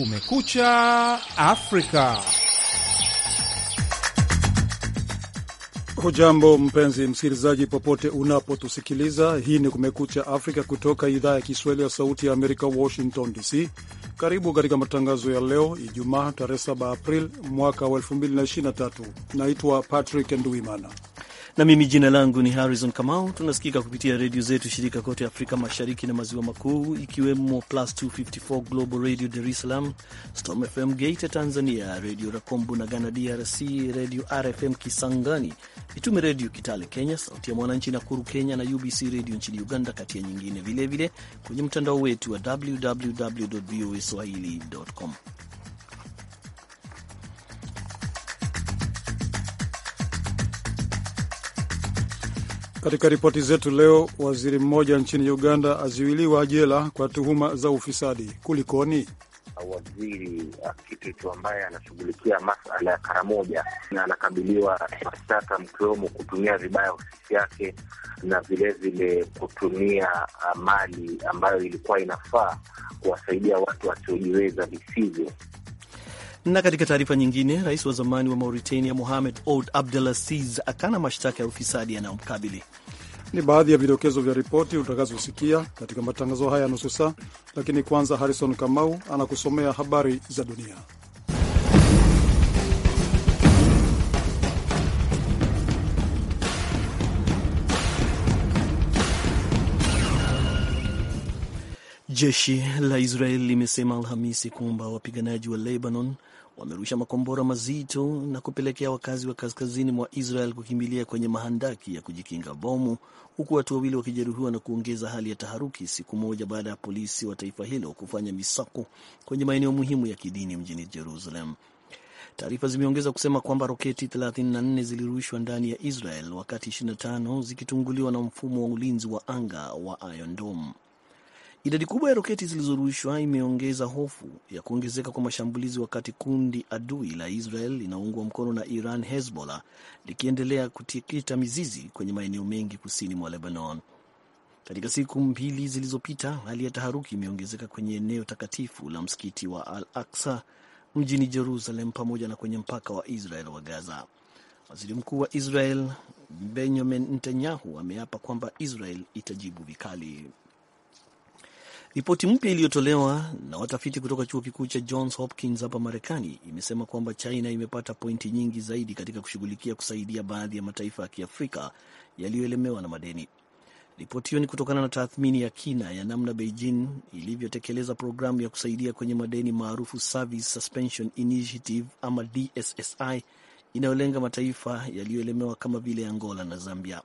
Kumekucha Afrika. Hujambo mpenzi msikilizaji, popote unapotusikiliza. Hii ni Kumekucha Afrika kutoka idhaa ya Kiswahili ya Sauti ya Amerika, Washington DC. Karibu katika matangazo ya leo Ijumaa, tarehe 7 april mwaka wa 2023. Naitwa Patrick Nduimana na mimi jina langu ni Harrison Kamau. Tunasikika kupitia redio zetu shirika kote Afrika Mashariki na Maziwa Makuu, ikiwemo Plus 254 Global Radio Dar es Salaam, Storm FM Gate Tanzania, Redio Rakombu na Ghana DRC, Redio RFM Kisangani, Itume Redio Kitale Kenya, Sauti ya Mwananchi Nakuru Kenya na UBC Redio nchini Uganda, kati ya nyingine, vilevile kwenye mtandao wetu wa www voa swahili.com. Katika ripoti zetu leo, waziri mmoja nchini Uganda aziwiliwa jela kwa tuhuma za ufisadi. Kulikoni? Waziri Akitutu uh, ambaye anashughulikia masala ya Karamoja na anakabiliwa mashtaka mkiwemo kutumia vibaya ofisi yake na vilevile kutumia uh, mali ambayo ilikuwa inafaa kuwasaidia watu wasiojiweza visivyo. Na katika taarifa nyingine, rais wa zamani wa Mauritania Mohamed Ould asiz akana mashtaka ya ufisadi yanayomkabili. Ni baadhi ya vidokezo vya ripoti utakazosikia katika matangazo haya ya nusu saa, lakini kwanza, Harrison Kamau anakusomea habari za dunia. Jeshi la Israel limesema Alhamisi kwamba wapiganaji wa Lebanon wamerusha makombora mazito na kupelekea wakazi wa kaskazini mwa Israel kukimbilia kwenye mahandaki ya kujikinga bomu, huku watu wawili wakijeruhiwa na kuongeza hali ya taharuki, siku moja baada ya polisi wa taifa hilo kufanya misako kwenye maeneo muhimu ya kidini mjini Jerusalem. Taarifa zimeongeza kusema kwamba roketi 34 zilirushwa ndani ya Israel wakati 25 zikitunguliwa na mfumo wa ulinzi wa anga wa Iron Dome. Idadi kubwa ya roketi zilizorushwa imeongeza hofu ya kuongezeka kwa mashambulizi, wakati kundi adui la Israel linaungwa mkono na Iran, Hezbollah, likiendelea kutikita mizizi kwenye maeneo mengi kusini mwa Lebanon. Katika siku mbili zilizopita, hali ya taharuki imeongezeka kwenye eneo takatifu la msikiti wa Al Aksa mjini Jerusalem, pamoja na kwenye mpaka wa Israel wa Gaza. Waziri mkuu wa Israel Benjamin Netanyahu ameapa kwamba Israel itajibu vikali. Ripoti mpya iliyotolewa na watafiti kutoka chuo kikuu cha Johns Hopkins hapa Marekani imesema kwamba China imepata pointi nyingi zaidi katika kushughulikia kusaidia baadhi ya mataifa ya Kiafrika yaliyoelemewa na madeni. Ripoti hiyo ni kutokana na tathmini ya kina ya namna Beijing ilivyotekeleza programu ya kusaidia kwenye madeni maarufu Service Suspension Initiative ama DSSI inayolenga mataifa yaliyoelemewa kama vile Angola na Zambia.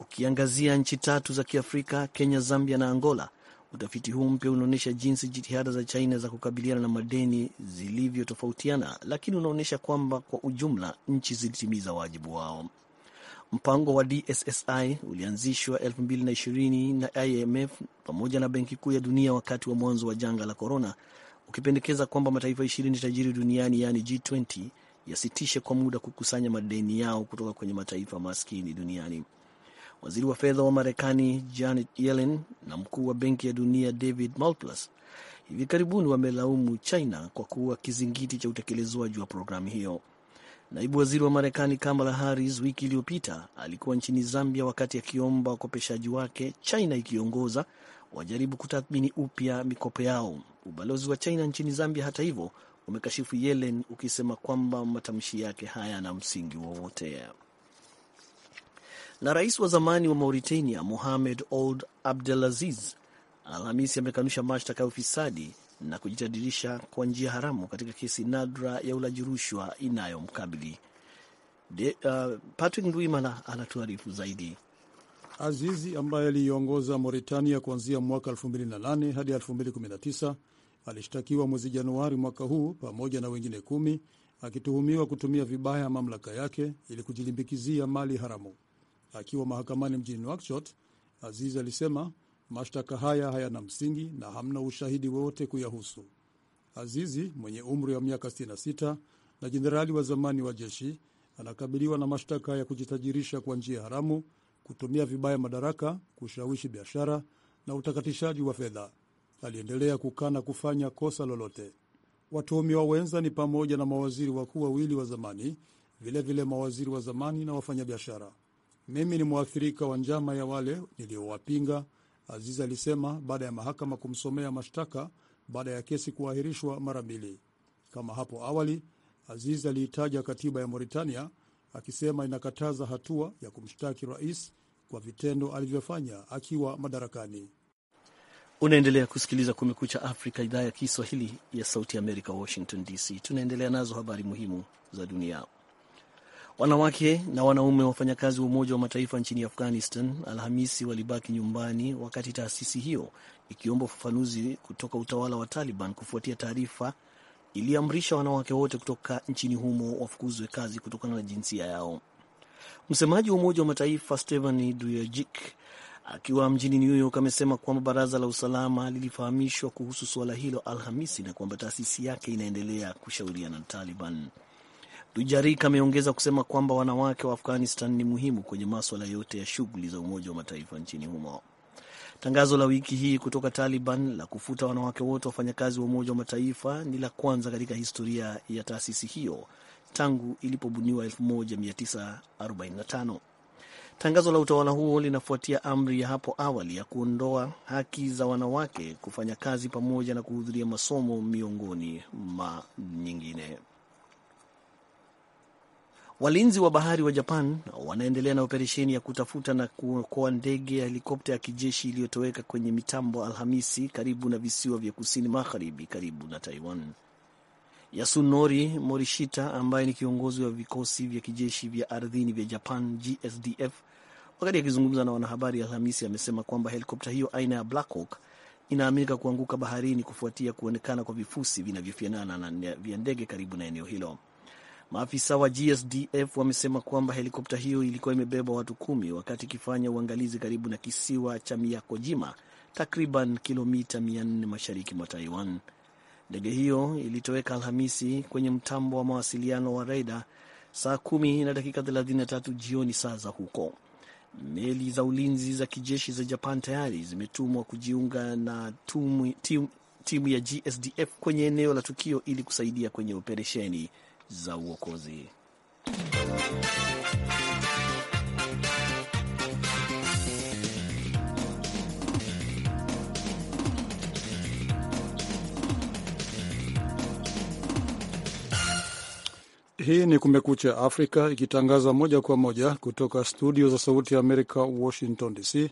Ukiangazia nchi tatu za Kiafrika, Kenya, Zambia na Angola, Utafiti huu mpya unaonyesha jinsi jitihada za China za kukabiliana na madeni zilivyotofautiana, lakini unaonyesha kwamba kwa ujumla nchi zilitimiza wajibu wao. Mpango wa DSSI ulianzishwa 2020 na IMF pamoja na Benki Kuu ya Dunia wakati wa mwanzo wa janga la Corona, ukipendekeza kwamba mataifa ishirini tajiri duniani yaani G20 yasitishe kwa muda kukusanya madeni yao kutoka kwenye mataifa maskini duniani waziri wa fedha wa Marekani Janet Yellen na mkuu wa Benki ya Dunia David Malpass hivi karibuni wamelaumu China kwa kuwa kizingiti cha utekelezwaji wa programu hiyo. Naibu waziri wa Marekani Kamala Harris wiki iliyopita alikuwa nchini Zambia wakati akiomba wakopeshaji wake, China ikiongoza, wajaribu kutathmini upya mikopo yao. Ubalozi wa China nchini Zambia, hata hivyo, umekashifu Yellen ukisema kwamba matamshi yake hayana msingi wowote na rais wa zamani wa Mauritania Mohamed Ould Abdelaziz Alhamisi amekanusha mashtaka ya ufisadi na kujitadirisha kwa njia haramu katika kesi nadra ya ulaji rushwa inayomkabili. Uh, Patrick Ndwimana anatuarifu zaidi. Azizi ambaye aliiongoza Mauritania kuanzia mwaka 2008 hadi 2019 alishtakiwa mwezi Januari mwaka huu pamoja na wengine kumi akituhumiwa kutumia vibaya mamlaka yake ili kujilimbikizia mali haramu. Akiwa mahakamani mjini Nouakchott, Aziz alisema mashtaka haya hayana msingi na hamna ushahidi wowote kuyahusu. Azizi mwenye umri wa miaka 66 na jenerali wa zamani wa jeshi anakabiliwa na mashtaka ya kujitajirisha kwa njia haramu, kutumia vibaya madaraka, kushawishi biashara na utakatishaji wa fedha. Aliendelea kukana kufanya kosa lolote. Watuhumiwa wenza ni pamoja na mawaziri wakuu wawili wa zamani, vilevile vile mawaziri wa zamani na wafanyabiashara. Mimi ni mwathirika wa njama ya wale niliowapinga, Aziz alisema baada ya mahakama kumsomea mashtaka baada ya kesi kuahirishwa mara mbili. Kama hapo awali, Aziz aliitaja katiba ya Mauritania akisema inakataza hatua ya kumshtaki rais kwa vitendo alivyofanya akiwa madarakani. Unaendelea kusikiliza Kumekucha Afrika, idhaa ya Kiswahili ya Sauti ya Amerika, Washington DC. Tunaendelea nazo habari muhimu za dunia. Wanawake na wanaume wafanyakazi wa Umoja wa Mataifa nchini Afghanistan Alhamisi walibaki nyumbani wakati taasisi hiyo ikiomba ufafanuzi kutoka utawala wa Taliban kufuatia taarifa iliamrisha wanawake wote kutoka nchini humo wafukuzwe kazi kutokana na jinsia yao. Msemaji wa Umoja wa Mataifa Stephane Dujarric akiwa mjini New York amesema kwamba baraza la usalama lilifahamishwa kuhusu suala hilo Alhamisi na kwamba taasisi yake inaendelea kushauriana na Taliban. Dujarik ameongeza kusema kwamba wanawake wa Afghanistan ni muhimu kwenye maswala yote ya shughuli za Umoja wa Mataifa nchini humo. Tangazo la wiki hii kutoka Taliban la kufuta wanawake wote wafanyakazi wa Umoja wa Mataifa ni la kwanza katika historia ya taasisi hiyo tangu ilipobuniwa 1945. Tangazo la utawala huo linafuatia amri ya hapo awali ya kuondoa haki za wanawake kufanya kazi pamoja na kuhudhuria masomo miongoni mwa nyingine. Walinzi wa bahari wa Japan wanaendelea na operesheni ya kutafuta na kuokoa ndege ya helikopta ya kijeshi iliyotoweka kwenye mitambo Alhamisi karibu na visiwa vya kusini magharibi karibu na Taiwan. Yasunori Morishita ambaye ni kiongozi wa vikosi vya kijeshi vya ardhini vya Japan GSDF, wakati akizungumza na wanahabari Alhamisi, amesema kwamba helikopta hiyo aina ya Black Hawk inaaminika kuanguka baharini kufuatia kuonekana kwa vifusi vinavyofianana na vya ndege karibu na eneo hilo. Maafisa wa GSDF wamesema kwamba helikopta hiyo ilikuwa imebeba watu kumi wakati ikifanya uangalizi karibu na kisiwa cha Miyakojima, takriban kilomita 400 mashariki mwa Taiwan. Ndege hiyo ilitoweka Alhamisi kwenye mtambo wa mawasiliano wa reida saa kumi na dakika 33 jioni saa za huko. Meli za ulinzi za kijeshi za Japan tayari zimetumwa kujiunga na timu ya GSDF kwenye eneo la tukio ili kusaidia kwenye operesheni za uokozi. Hii ni Kumekucha Afrika ikitangaza moja kwa moja kutoka studio za Sauti ya Amerika, Washington DC.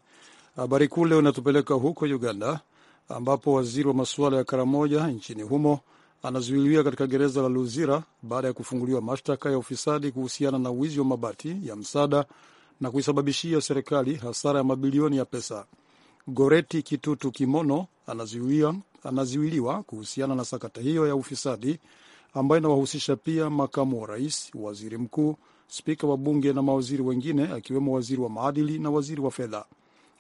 Habari kuu leo inatupeleka huko Uganda, ambapo waziri wa masuala ya Karamoja nchini humo anazuiliwa katika gereza la Luzira baada ya kufunguliwa mashtaka ya ufisadi kuhusiana na wizi wa mabati ya msaada na kuisababishia serikali hasara ya mabilioni ya pesa. Goreti Kitutu Kimono anazuiliwa, anazuiliwa kuhusiana na sakata hiyo ya ufisadi ambayo inawahusisha pia makamu wa rais, waziri mkuu, spika wa bunge na mawaziri wengine akiwemo waziri wa maadili na waziri wa fedha.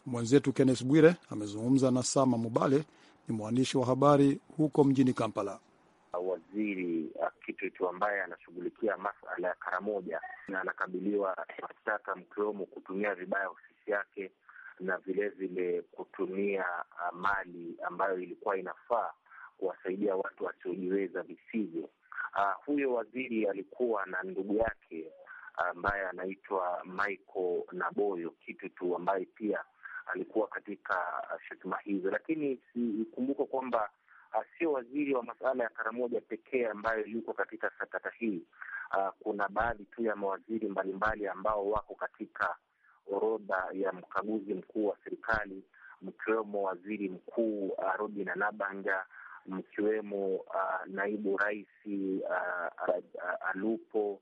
Mwenzetu Kenneth Bwire amezungumza na Sama Mubale, ni mwandishi wa habari huko mjini Kampala waziri ah, Kitutu ambaye anashughulikia masala ya Karamoja na anakabiliwa mashtaka mkiwemo kutumia vibaya ofisi yake na vilevile kutumia ah, mali ambayo ilikuwa inafaa kuwasaidia watu wasiojiweza visivyo. Uh, huyo waziri alikuwa na ndugu yake ambaye anaitwa Michael Naboyo Kitutu ambaye pia alikuwa katika shutuma hizo, lakini sikumbuka kwamba Ah, sio waziri wa masuala ya Karamoja pekee ambayo yuko katika sakata hii. Uh, kuna baadhi tu ya mawaziri mbalimbali ambao wako katika orodha ya mkaguzi mkuu wa serikali mkiwemo waziri mkuu uh, Robin Anabanja, mkiwemo uh, naibu rais uh, Alupo,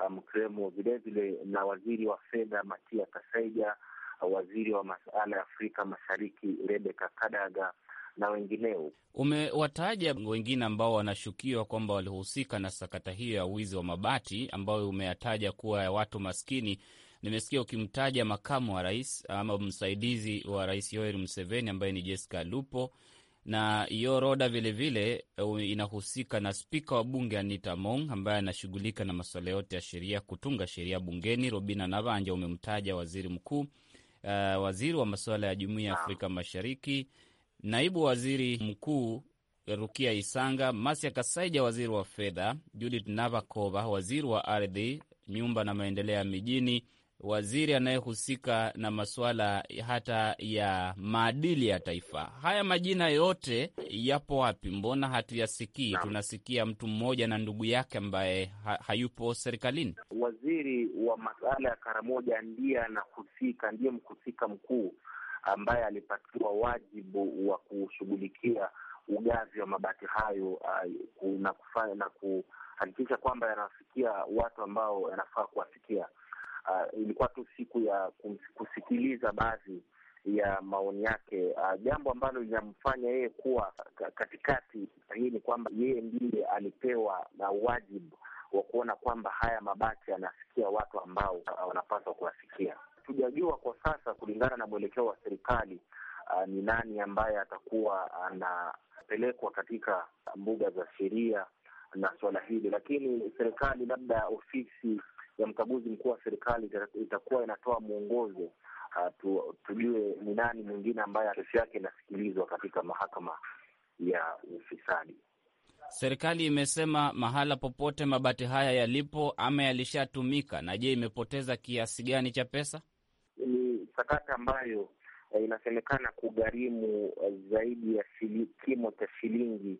uh, mkiwemo vilevile na waziri wa fedha Matia Kasaija, uh, waziri wa masuala ya Afrika Mashariki Rebeka Kadaga na wengineo. Umewataja wengine ambao wanashukiwa kwamba walihusika na sakata hiyo ya wizi wa mabati ambayo umeyataja kuwa ya watu maskini. Nimesikia ukimtaja makamu wa rais ama msaidizi wa rais Yoweri Museveni ambaye ni Jessica Lupo na hiyo roda vilevile vile, eh, inahusika na spika wa bunge Anita Mong ambaye anashughulika na masuala yote ya sheria, kutunga sheria bungeni. Robina Navanja umemtaja waziri mkuu, uh, waziri wa masuala ya jumuiya ya Afrika Mashariki naibu waziri mkuu Rukia Isanga, Masia Kasaija, waziri wa fedha, Judith Navakova, waziri wa ardhi, nyumba na maendeleo ya mijini, waziri anayehusika na masuala hata ya maadili ya taifa. Haya majina yote yapo wapi? Mbona hatuyasikii? Tunasikia mtu mmoja na ndugu yake ambaye ha hayupo serikalini. Waziri wa masuala ya Karamoja ndiye anahusika, ndiye mhusika mkuu ambaye alipatiwa wajibu wa kushughulikia ugavi wa mabati hayo uh, na kufanya na kuhakikisha kwamba yanafikia watu ambao yanafaa kuwafikia. Uh, ilikuwa tu siku ya kusikiliza baadhi ya maoni yake. Uh, jambo ambalo linamfanya yeye kuwa katikati hii ni kwamba yeye ndiye alipewa na wajibu wa kuona kwamba haya mabati yanafikia watu ambao wanapaswa kuwafikia hatujajua kwa sasa, kulingana na mwelekeo wa serikali uh, ni nani ambaye atakuwa anapelekwa katika mbuga za sheria na suala hili, lakini serikali, labda ofisi ya mkaguzi mkuu wa serikali itakuwa inatoa mwongozo uh, tujue ni nani mwingine ambaye kesi yake inasikilizwa katika mahakama ya ufisadi. Serikali imesema mahala popote mabati haya yalipo ama yalishatumika. Na je, imepoteza kiasi gani cha pesa? sakata ambayo eh, inasemekana kugharimu eh, zaidi ya shili, kimo cha shilingi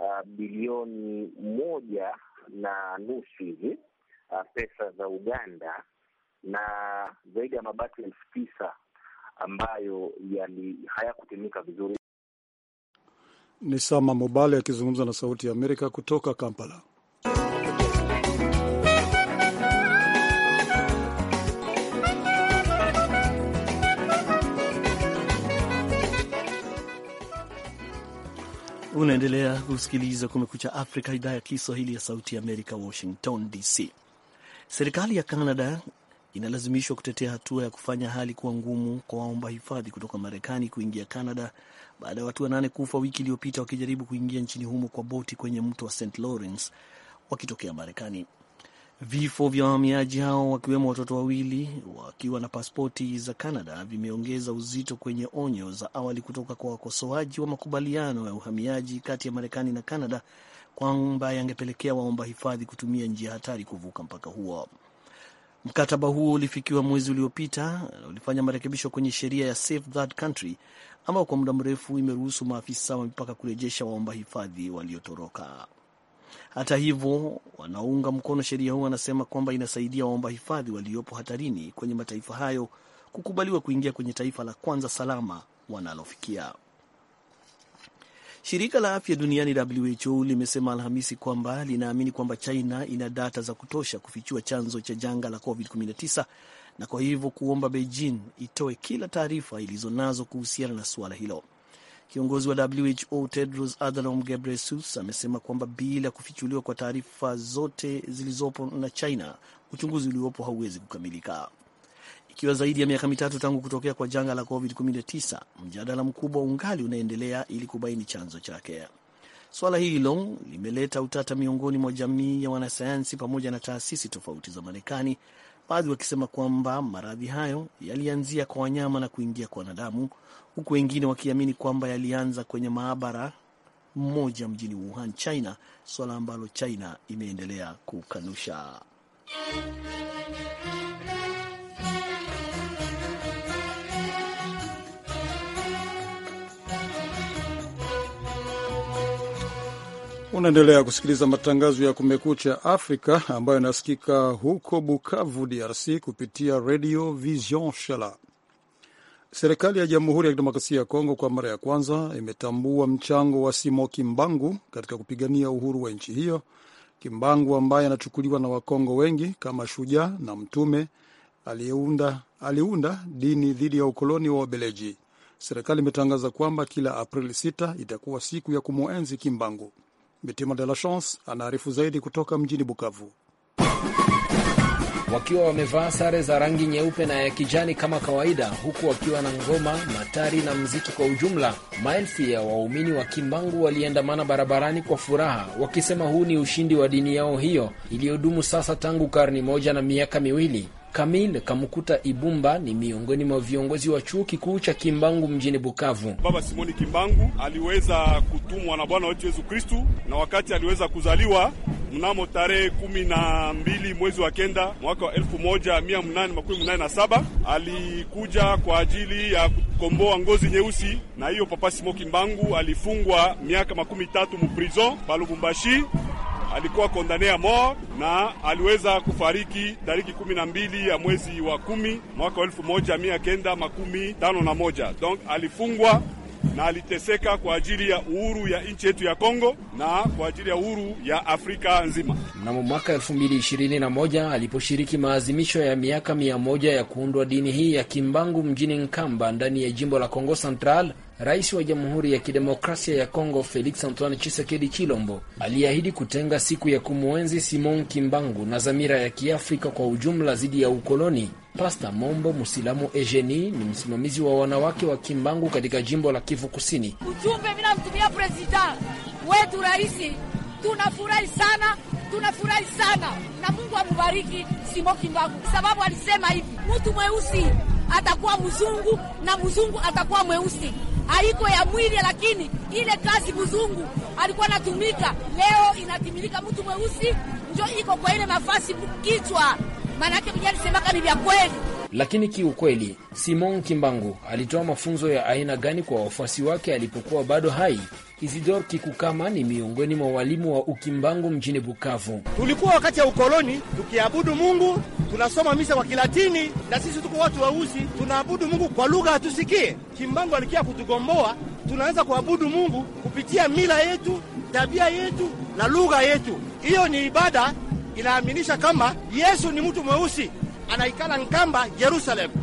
uh, bilioni moja na nusu hivi uh, pesa za Uganda na zaidi ya mabati elfu tisa ambayo hayakutumika vizuri. Ni Sama Mobale akizungumza na Sauti ya Amerika kutoka Kampala. Unaendelea kusikiliza Kumekucha Afrika, idhaa ya Kiswahili ya Sauti ya Amerika, Washington DC. Serikali ya Canada inalazimishwa kutetea hatua ya kufanya hali kuwa ngumu kwa waomba hifadhi kutoka Marekani kuingia Canada baada ya watu wanane kufa wiki iliyopita wakijaribu kuingia nchini humo kwa boti kwenye mto wa St Lawrence wakitokea Marekani. Vifo vya wahamiaji hao wakiwemo watoto wawili wakiwa na paspoti za canada vimeongeza uzito kwenye onyo za awali kutoka kwa wakosoaji wa makubaliano ya uhamiaji kati ya Marekani na Canada kwamba yangepelekea waomba hifadhi kutumia njia hatari kuvuka mpaka huo. Mkataba huo ulifikiwa mwezi uliopita ulifanya marekebisho kwenye sheria ya Safe Third Country ambayo kwa muda mrefu imeruhusu maafisa wa mipaka kurejesha waomba hifadhi waliotoroka. Hata hivyo, wanaunga mkono sheria huu wanasema kwamba inasaidia waomba hifadhi waliopo hatarini kwenye mataifa hayo kukubaliwa kuingia kwenye taifa la kwanza salama wanalofikia. Shirika la afya duniani WHO limesema Alhamisi kwamba linaamini kwamba China ina data za kutosha kufichua chanzo cha janga la COVID-19 na kwa hivyo kuomba Beijing itoe kila taarifa ilizonazo kuhusiana na suala hilo. Kiongozi wa WHO Tedros Adhanom Ghebreyesus amesema kwamba bila kufichuliwa kwa taarifa zote zilizopo na China, uchunguzi uliopo hauwezi kukamilika. Ikiwa zaidi ya miaka mitatu tangu kutokea kwa janga la COVID-19, mjadala mkubwa ungali unaendelea ili kubaini chanzo chake. Swala hilo limeleta utata miongoni mwa jamii ya wanasayansi pamoja na taasisi tofauti za Marekani baadhi wakisema kwamba maradhi hayo yalianzia kwa wanyama na kuingia kwa wanadamu, huku wengine wakiamini kwamba yalianza kwenye maabara mmoja mjini Wuhan, China, suala ambalo China imeendelea kukanusha. Unaendelea kusikiliza matangazo ya Kumekucha Afrika ambayo inasikika huko Bukavu, DRC, kupitia Radio Vision Shala. Serikali ya Jamhuri ya Kidemokrasia ya Kongo kwa mara ya kwanza imetambua mchango wa Simo Kimbangu katika kupigania uhuru wa nchi hiyo. Kimbangu ambaye anachukuliwa na Wakongo wengi kama shujaa na mtume aliunda, aliunda dini dhidi ya ukoloni wa Wabeleji. Serikali imetangaza kwamba kila Aprili 6 itakuwa siku ya kumwenzi Kimbangu. Mitima de la Chance anaarifu zaidi kutoka mjini Bukavu. Wakiwa wamevaa sare za rangi nyeupe na ya kijani kama kawaida, huku wakiwa na ngoma, matari na mziki kwa ujumla, maelfu ya waumini wa Kimbangu waliandamana barabarani kwa furaha, wakisema huu ni ushindi wa dini yao hiyo iliyodumu sasa tangu karni moja na miaka miwili. Kamil Kamukuta Ibumba ni miongoni mwa viongozi wa chuo kikuu cha Kimbangu mjini Bukavu. Baba Simoni Kimbangu aliweza kutumwa na Bwana wetu Yesu Kristu, na wakati aliweza kuzaliwa mnamo tarehe kumi na mbili mwezi wa kenda mwaka wa elfu moja mia nane makumi na saba alikuja kwa ajili ya kukomboa ngozi nyeusi, na hiyo Papa Simo Kimbangu alifungwa miaka makumi tatu muprison palubumbashi alikuwa kondanea mort na aliweza kufariki tariki kumi na mbili ya mwezi wa kumi mwaka wa elfu moja mia kenda makumi tano na moja. Donc alifungwa na aliteseka kwa ajili ya uhuru ya nchi yetu ya Kongo na kwa ajili ya uhuru ya Afrika nzima. Mnamo mwaka 2021 aliposhiriki maazimisho ya miaka mia moja ya kuundwa dini hii ya Kimbangu mjini Nkamba ndani ya jimbo la Kongo Central, Rais wa Jamhuri ya Kidemokrasia ya Kongo Felix Antoine Chisekedi Chilombo aliahidi kutenga siku ya kumwenzi Simon Kimbangu na zamira ya Kiafrika kwa ujumla dhidi ya ukoloni. Pasta Mombo Musilamu egeni ni msimamizi wa wanawake wa Kimbangu katika jimbo la Kivu Kusini. Ujumbe vinamtumia prezida wetu raisi, tunafurahi sana, tunafurahi sana na Mungu amubariki Simon Kimbangu sababu alisema hivi, mtu mweusi atakuwa mzungu na mzungu atakuwa mweusi haiko ya mwili, lakini ile kazi mzungu alikuwa anatumika, leo inatimilika mtu mweusi njo iko kwa ile nafasi kichwa. yake vijani semaka ni vya kweli. Lakini kiukweli, Simon Kimbangu alitoa mafunzo ya aina gani kwa wafuasi wake alipokuwa bado hai? Isidor Kikukama ni miongoni mwa walimu wa Ukimbangu mjini Bukavu. Tulikuwa wakati ya ukoloni tukiabudu Mungu, tunasoma misa kwa Kilatini na sisi tuko watu weusi, tunaabudu Mungu kwa lugha hatusikie. Kimbangu alikia kutugomboa, tunaweza kuabudu Mungu kupitia mila yetu, tabia yetu na lugha yetu. Hiyo ni ibada inaaminisha kama Yesu ni mtu mweusi anaikala nkamba Yerusalemu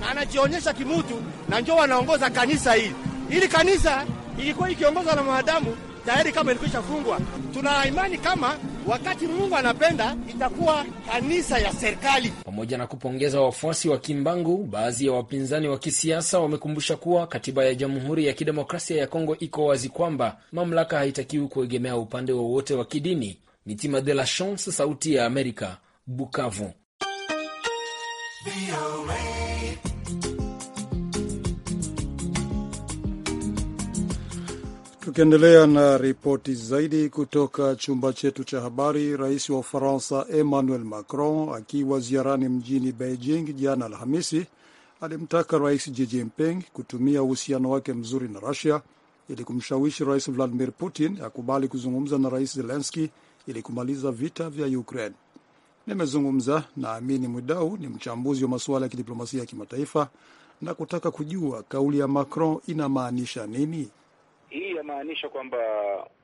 na anajionyesha kimutu, na njo wanaongoza kanisa hili. Ili kanisa ilikuwa ikiongozwa na mwanadamu tayari kama ilikwisha fungwa. Tuna imani kama wakati Mungu anapenda itakuwa kanisa ya serikali. Pamoja na kupongeza wafuasi wa Kimbangu, baadhi ya wapinzani wa kisiasa wamekumbusha kuwa katiba ya Jamhuri ya Kidemokrasia ya Kongo iko wazi kwamba mamlaka haitakiwi kuegemea upande wowote wa, wa kidini. Mitima de la Chance, Sauti ya Amerika, Bukavu. Tukiendelea na ripoti zaidi kutoka chumba chetu cha habari, rais wa Ufaransa Emmanuel Macron akiwa ziarani mjini Beijing jana Alhamisi alimtaka rais Xi Jinping kutumia uhusiano wake mzuri na Rusia ili kumshawishi rais Vladimir Putin akubali kuzungumza na rais Zelenski ili kumaliza vita vya Ukraine. Nimezungumza na Amini Mwidau, ni mchambuzi wa masuala ya kidiplomasia ya kimataifa na kutaka kujua kauli ya Macron inamaanisha nini. Hii yamaanisha kwamba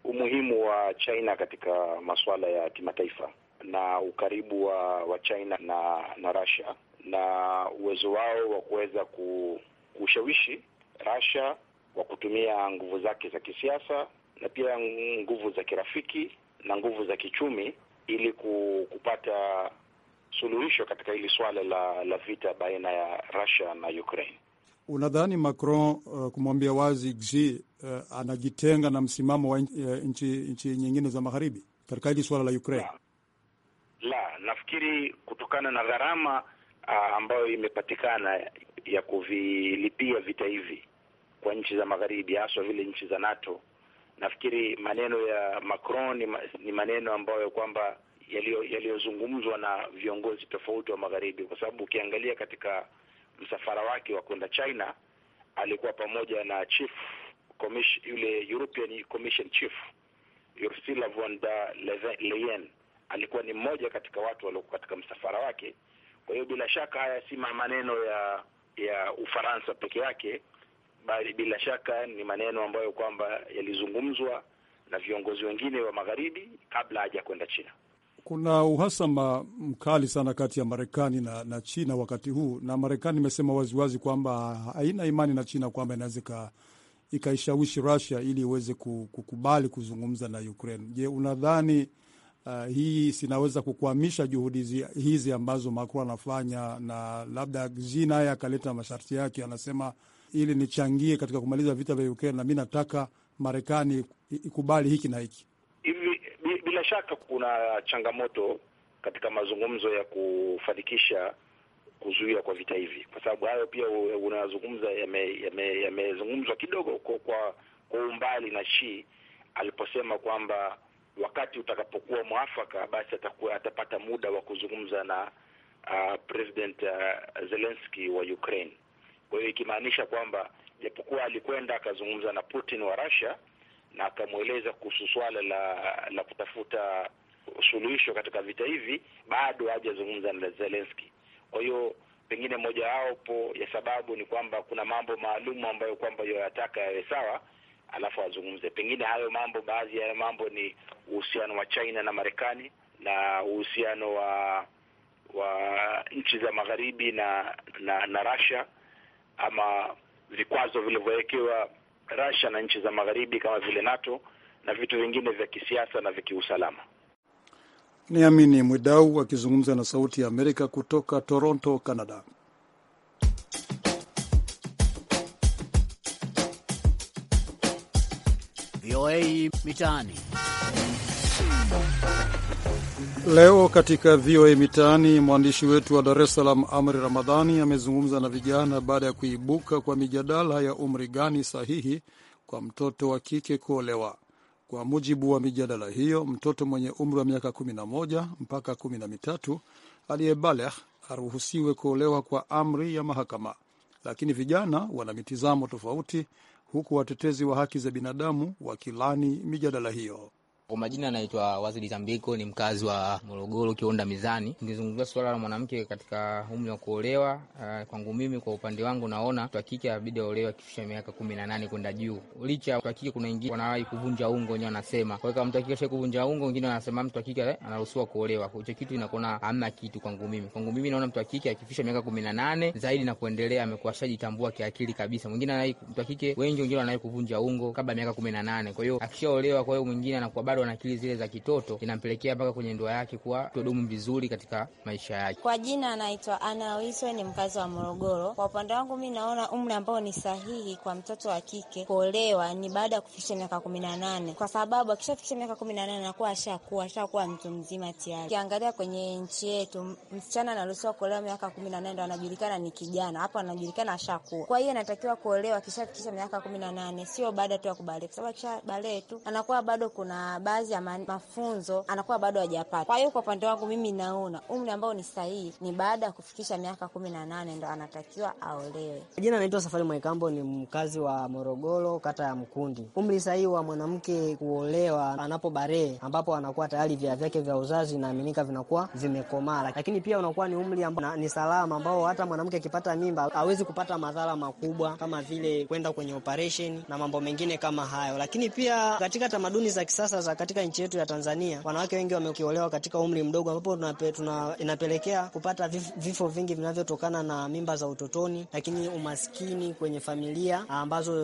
umuhimu wa China katika masuala ya kimataifa na ukaribu wa, wa China na na Russia na uwezo wao wa kuweza kushawishi Russia kwa kutumia nguvu zake za kisiasa na pia nguvu za kirafiki na nguvu za kichumi ili kupata suluhisho katika hili swala la, la vita baina ya Russia na Ukraine. Unadhani Macron uh, kumwambia wazi Xi uh, anajitenga na msimamo wa uh, nchi nchi nyingine za magharibi katika hili swala la Ukraine? La, la nafikiri kutokana na gharama uh, ambayo imepatikana ya kuvilipia vita hivi kwa nchi za magharibi haswa vile nchi za NATO nafikiri maneno ya Macron ni, ma, ni maneno ambayo kwamba yaliyozungumzwa na viongozi tofauti wa magharibi, kwa sababu ukiangalia katika msafara wake wa kwenda China alikuwa pamoja na chief commission, yule European Commission chief Ursula von der Leyen alikuwa ni mmoja katika watu waliokuwa katika msafara wake. Kwa hiyo bila shaka haya si maneno ya ya Ufaransa peke yake, bali bila shaka ni maneno ambayo kwamba yalizungumzwa na viongozi wengine wa magharibi kabla haja kwenda China. Kuna uhasama mkali sana kati ya Marekani na, na China wakati huu, na Marekani imesema waziwazi kwamba haina imani na China kwamba inaweza ikaishawishi Russia ili iweze kukubali kuzungumza na Ukraine. Je, unadhani uh, hii sinaweza kukwamisha juhudi hizi ambazo Macron anafanya, na labda Xi naye akaleta masharti yake, anasema ili nichangie katika kumaliza vita vya Ukraine, na mi nataka Marekani ikubali hiki na hiki. Bila shaka kuna changamoto katika mazungumzo ya kufanikisha kuzuia kwa vita hivi, kwa sababu hayo pia unazungumza yamezungumzwa yame kidogo kwa kwa umbali na Xi aliposema kwamba wakati utakapokuwa mwafaka, basi atakuwa atapata muda wa kuzungumza na uh, President uh, Zelensky wa Ukraine. Kwa hiyo ikimaanisha kwamba japokuwa alikwenda akazungumza na Putin wa Russia na akamweleza kuhusu swala la la kutafuta suluhisho katika vita hivi, bado hajazungumza na Zelensky. Kwa hiyo pengine mojawapo ya sababu ni kwamba kuna mambo maalum ambayo kwamba yoyataka yawe sawa, alafu azungumze. Pengine hayo mambo, baadhi ya hayo mambo ni uhusiano wa China na Marekani na uhusiano wa wa nchi za magharibi na na, na Russia ama vikwazo vilivyowekewa Russia na nchi za magharibi kama vile NATO na vitu vingine vya kisiasa na vya kiusalama. Ni Amini Mwidau akizungumza na Sauti ya Amerika kutoka Toronto, Canada. VOA Mitaani. Leo katika VOA Mitaani, mwandishi wetu wa Dar es Salaam Amri Ramadhani amezungumza na vijana baada ya kuibuka kwa mijadala ya umri gani sahihi kwa mtoto wa kike kuolewa. Kwa mujibu wa mijadala hiyo, mtoto mwenye umri wa miaka 11 mpaka 13 baleh aruhusiwe kuolewa kwa amri ya mahakama, lakini vijana wana mitizamo tofauti, huku watetezi wa haki za binadamu wakilani mijadala hiyo. Kwa majina anaitwa Waziri Zambiko, ni mkazi wa Morogoro, Kionda Mizani. Nikizungumzia suala la mwanamke katika umri wa kuolewa, uh, kwangu mimi, kwa upande wangu, naona twakike abidi aolewa akifikisha miaka kumi na nane kwenda juu, licha twakike kuna ingia wanawahi kuvunja ungo, wenyewe wanasema. Kwa kama mtu akike sha kuvunja ungo, wengine wanasema mtu akike eh, anaruhusiwa kuolewa, hicho kitu inakuona hamna kitu. Kwangu mimi, kwangu mimi naona mtu akike akifikisha miaka kumi na nane zaidi na kuendelea, amekuwa shajitambua kiakili kabisa. Mwingine anawahi mtu akike, wengi wengine wanawahi kuvunja ungo kabla miaka kumi na nane. Kwa hiyo akishaolewa, kwa hiyo mwingine anakuwa bado bado na akili zile za kitoto, inampelekea mpaka kwenye ndoa yake kuwa todumu vizuri katika maisha yake. Kwa jina anaitwa Ana Wiswe, ni mkazi wa Morogoro. Kwa upande wangu, mi naona umri ambao ni sahihi kwa mtoto wa kike kuolewa ni baada ya kufikisha miaka kumi na nane kwa sababu akishafikisha miaka kumi na nane anakuwa ashakuwa ashakuwa mtu mzima tayari. Ukiangalia kwenye nchi yetu, msichana anaruhusiwa kuolewa miaka kumi na nane ndo anajulikana ni kijana, hapo anajulikana ashakuwa. Kwa hiyo anatakiwa kuolewa akishafikisha miaka kumi na nane, sio baada tu ya kubalee, kwa sababu akishabalee tu anakuwa bado kuna baadhi ya mafunzo anakuwa bado hajapata. Kwa hiyo kwa upande wangu mimi naona umri ambao ni sahihi ni baada ya kufikisha miaka kumi na nane ndo anatakiwa aolewe. Jina anaitwa Safari Mwaikambo, ni mkazi wa Morogoro, kata ya Mkundi. Umri sahihi wa mwanamke kuolewa anapo baree ambapo anakuwa tayari via vyake vya uzazi naaminika vinakuwa vimekomaa, lakini pia unakuwa ni umri ambao ni salama, ambao hata mwanamke akipata mimba hawezi kupata madhara makubwa kama vile kwenda kwenye operation na mambo mengine kama hayo, lakini pia katika tamaduni za kisasa za katika nchi yetu ya Tanzania wanawake wengi wamekiolewa katika umri mdogo, ambapo inapelekea kupata vifo vingi vinavyotokana na mimba za utotoni, lakini umaskini kwenye familia ambazo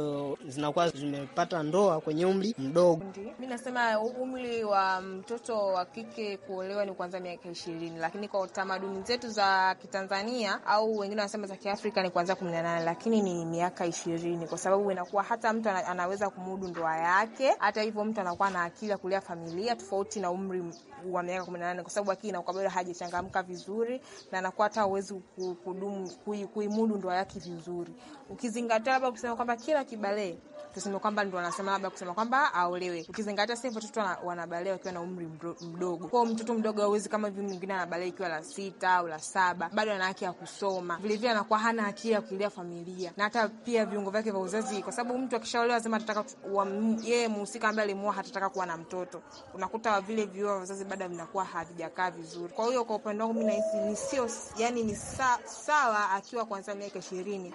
zinakuwa zimepata ndoa kwenye umri mdogo. Mi nasema umri wa mtoto wa kike kuolewa ni kuanza miaka ishirini, lakini kwa tamaduni zetu za Kitanzania au wengine wanasema za Kiafrika ni kuanza kumi na nane, lakini ni miaka ishirini kwa sababu inakuwa hata mtu anaweza kumudu ndoa yake. Hata hivyo mtu anakuwa na akili kulea familia tofauti na umri wa miaka 18 kwa sababu akina kwa bado hajachangamka vizuri na anakuwa hata hawezi kudumu kuimudu ndoa yake vizuri. Ukizingatia labda kusema kwamba kila kibale tuseme kwamba ndio anasema labda kusema kwamba aolewe. Ukizingatia sasa hivi watoto wanabalea wakiwa na umri mdogo. Kwa mtoto mdogo hawezi kama hivi mwingine anabalea ikiwa la sita au la saba, bado ana haki ya kusoma. Vile vile anakuwa hana haki ya kulea familia na hata pia viungo vyake vya uzazi, kwa sababu mtu akishaolewa lazima atataka yeye mhusika ambaye alimuoa hatataka kuwa na mtu mtoto. Unakuta vile vioo wazazi bado vinakuwa havijakaa vizuri. Kwa hiyo kwa upande wangu mi nahisi ni sio, yani ni sa, sawa akiwa kwanza miaka ishirini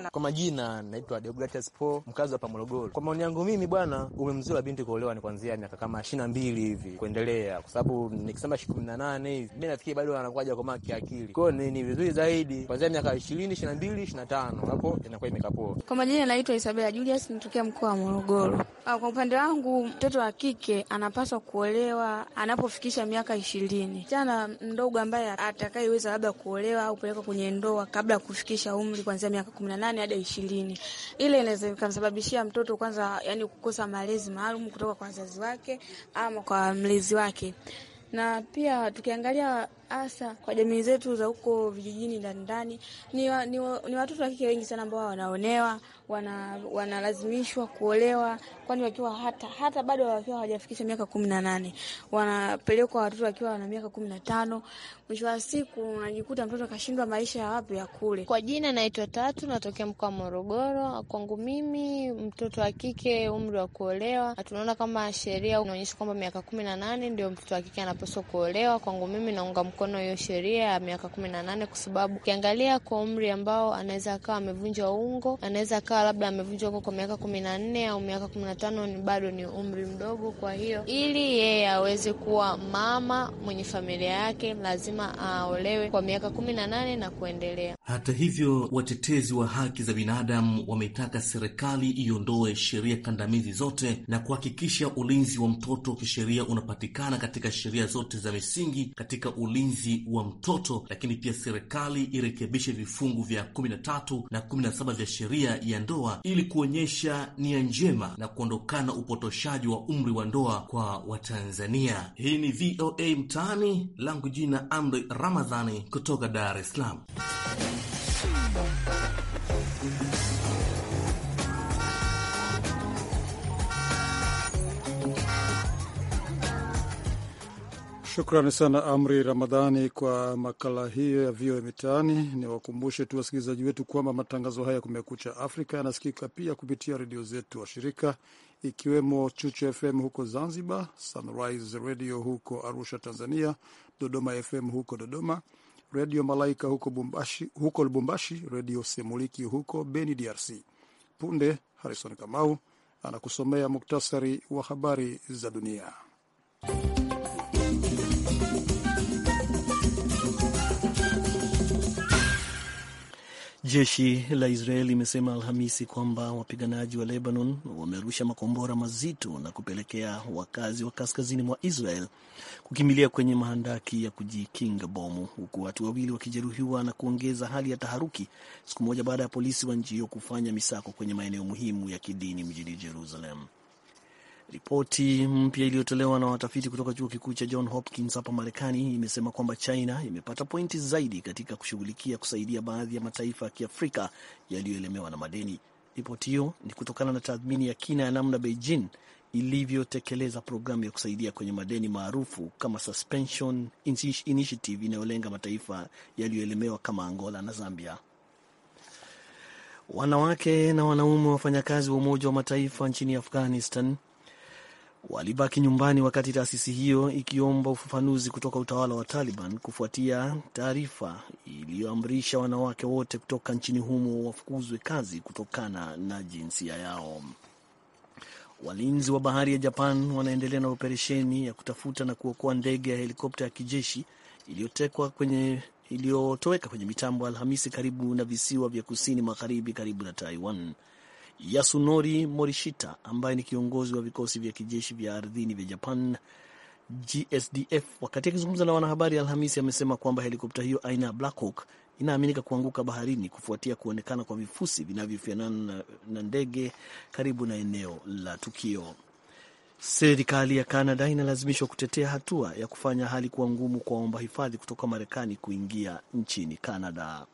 na... Kwa majina naitwa Deogratias Po, mkazi hapa Morogoro. Kwa maoni yangu mimi bwana, wa binti kuolewa ni kuanzia miaka kama ishirini na mbili hivi kuendelea, kwa sababu nikisema kumi na nane hivi mimi nafikiri bado anakuwa hajakomaa kiakili. Kwa hiyo ni vizuri zaidi kuanzia miaka ishirini, ishirini na mbili, ishirini na tano hapo inakuwa imekapoa. Kwa majina naitwa Isabella Julius, nitokea mkoa wa Morogoro. Mm-hmm. Ah, kwa upande wangu mtoto wa kike anapaswa kuolewa anapofikisha miaka ishirini. Msichana mdogo ambaye atakayeweza labda kuolewa au kupelekwa kwenye ndoa kabla ya kufikisha umri kuanzia miaka kumi na nane hadi ishirini. Ile inaweza ikamsababishia mtoto kwanza, yani kukosa malezi maalum kutoka kwa wazazi wake ama kwa mlezi wake, na pia tukiangalia hasa kwa jamii zetu za huko vijijini ndani ni, wa, ni, wa, ni watoto wa kike wengi sana ambao wanaonewa wana, wanalazimishwa kuolewa, kwani wakiwa hata, hata bado wakiwa hawajafikisha miaka kumi na nane wanapelekwa watoto wakiwa wana miaka kumi na tano Mwisho wa siku unajikuta mtoto akashindwa maisha ya wapi ya kule. Kwa jina naitwa Tatu, natokea mkoa wa Morogoro. Kwangu mimi mtoto wa kike umri wa kuolewa, tunaona kama sheria unaonyesha kwamba miaka kumi na nane ndio mtoto wa kike anapaswa kuolewa. Kwangu mimi naunga mkono mkono hiyo sheria ya miaka kumi na nane kwa sababu ukiangalia kwa umri ambao anaweza akawa amevunjwa ungo, anaweza akawa labda amevunjwa ungo kwa miaka kumi na nne au miaka kumi na tano ni bado ni umri mdogo. Kwa hiyo ili yeye aweze kuwa mama mwenye familia yake lazima aolewe kwa miaka kumi na nane na kuendelea. Hata hivyo, watetezi wa haki za binadamu wameitaka serikali iondoe sheria kandamizi zote na kuhakikisha ulinzi wa mtoto kisheria unapatikana katika sheria zote za misingi katika ulinzi ulinzi wa mtoto, lakini pia serikali irekebishe vifungu vya 13 na 17 vya sheria ya ndoa ili kuonyesha nia njema na kuondokana upotoshaji wa umri wa ndoa kwa Watanzania. Hii ni VOA Mtaani, langu jina Amri Ramadhani kutoka Dar es Salaam. Shukrani sana Amri Ramadhani kwa makala hiyo ya VOA Mitaani. Ni wakumbushe tu wasikilizaji wetu kwamba matangazo haya Kumekucha Afrika yanasikika pia kupitia redio zetu wa shirika ikiwemo Chuchu FM huko Zanzibar, Sunrise Radio huko Arusha Tanzania, Dodoma FM huko Dodoma, Redio Malaika huko Lubumbashi, huko Lubumbashi, Redio Semuliki huko Beni, DRC. Punde Harrison Kamau anakusomea muktasari wa habari za dunia. Jeshi la Israel limesema Alhamisi kwamba wapiganaji wa Lebanon wamerusha makombora mazito na kupelekea wakazi wa kaskazini mwa Israel kukimbilia kwenye mahandaki ya kujikinga bomu, huku watu wawili wakijeruhiwa na kuongeza hali ya taharuki siku moja baada ya polisi wa nchi hiyo kufanya misako kwenye maeneo muhimu ya kidini mjini Jerusalem. Ripoti mpya iliyotolewa na watafiti kutoka chuo kikuu cha John Hopkins hapa Marekani imesema kwamba China imepata pointi zaidi katika kushughulikia kusaidia baadhi ya mataifa ya Kiafrika yaliyoelemewa na madeni. Ripoti hiyo ni kutokana na tathmini ya kina ya namna Beijing ilivyotekeleza programu ya kusaidia kwenye madeni maarufu kama Suspension Initiative inayolenga mataifa yaliyoelemewa kama Angola na Zambia. Wanawake na wanaume wafanyakazi wa Umoja wa Mataifa nchini Afghanistan walibaki nyumbani wakati taasisi hiyo ikiomba ufafanuzi kutoka utawala wa Taliban kufuatia taarifa iliyoamrisha wanawake wote kutoka nchini humo wafukuzwe kazi kutokana na jinsia yao. Walinzi wa bahari ya Japan wanaendelea na operesheni ya kutafuta na kuokoa ndege ya helikopta ya kijeshi iliyotekwa kwenye iliyotoweka kwenye mitambo Alhamisi karibu na visiwa vya kusini magharibi karibu na Taiwan. Yasunori Morishita ambaye ni kiongozi wa vikosi vya kijeshi vya ardhini vya Japan GSDF. Wakati akizungumza na wanahabari Alhamisi, amesema kwamba helikopta hiyo aina ya Black Hawk inaaminika kuanguka baharini kufuatia kuonekana kwa vifusi vinavyofanana na ndege karibu na eneo la tukio. Serikali ya Kanada inalazimishwa kutetea hatua ya kufanya hali kuwa ngumu kwa waomba hifadhi kutoka Marekani kuingia nchini Kanada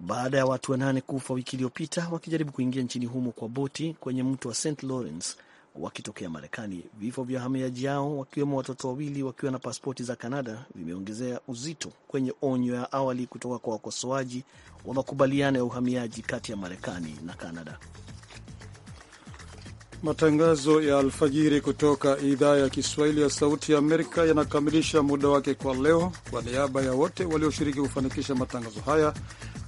baada ya watu wanane kufa wiki iliyopita wakijaribu kuingia nchini humo kwa boti kwenye mto wa St Lawrence wakitokea Marekani. Vifo vya wahamiaji hao wakiwemo watoto wawili wakiwa na paspoti za Kanada vimeongezea uzito kwenye onyo ya awali kutoka kwa wakosoaji wa makubaliano ya uhamiaji kati ya Marekani na Kanada. Matangazo ya alfajiri kutoka idhaa ya Kiswahili ya Sauti ya Amerika yanakamilisha muda wake kwa leo. Kwa niaba ya wote walioshiriki kufanikisha matangazo haya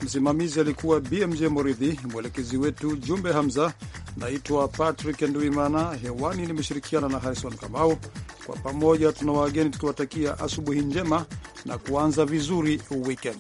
Msimamizi alikuwa BMJ Moridhi, mwelekezi wetu Jumbe Hamza. Naitwa Patrick Nduimana, hewani nimeshirikiana na Harrison Kamau. Kwa pamoja tuna wageni tukiwatakia asubuhi njema na kuanza vizuri weekend.